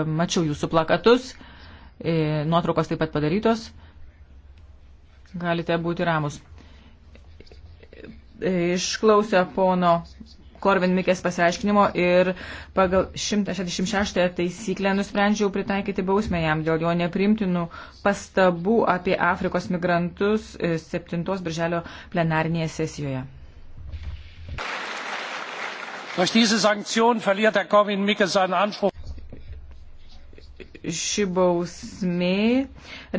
mačiau jūsų plakatus, e, nuotraukos taip pat padarytos. Galite būti ramus. E, išklausę pono Korvin Mikės pasiaiškinimo ir pagal 166 taisyklę nusprendžiau pritaikyti bausmę jam dėl jo neprimtinų pastabų apie Afrikos migrantus 7 e, birželio plenarnėje sesijoje. Durch diese Sanktion verliert Herr Korwin Mikke seinen Anspruch ši bausmė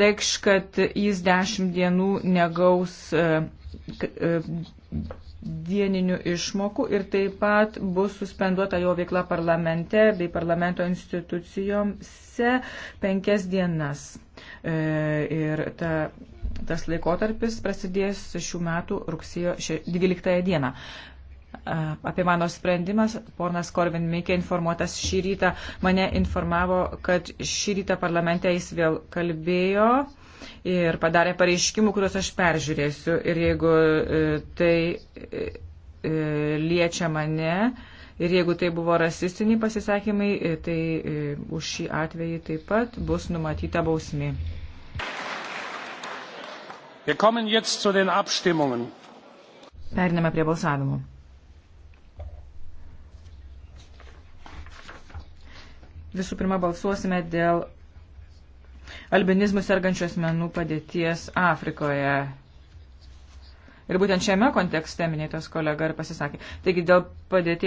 reikš, kad jis dešimt dienų negaus e, e, dieninių išmokų ir taip pat bus suspenduota jo veikla parlamente bei parlamento institucijomse penkias dienas. E, ir ta, tas laikotarpis prasidės šių metų rugsėjo 12 dieną. Apie mano sprendimas, ponas Korvin Mikė informuotas šį rytą, mane informavo, kad šį rytą parlamente jis vėl kalbėjo ir padarė pareiškimų, kuriuos aš peržiūrėsiu. Ir jeigu e, tai e, e, liečia mane ir jeigu tai buvo rasistiniai pasisakymai, tai už šį atvejį taip pat bus numatyta bausmė. Periname prie balsavimo. Visų pirma, balsuosime dėl albinizmų sergančių asmenų padėties Afrikoje. Ir būtent šiame kontekste minėtas kolega ir pasisakė. Taigi dėl padėties.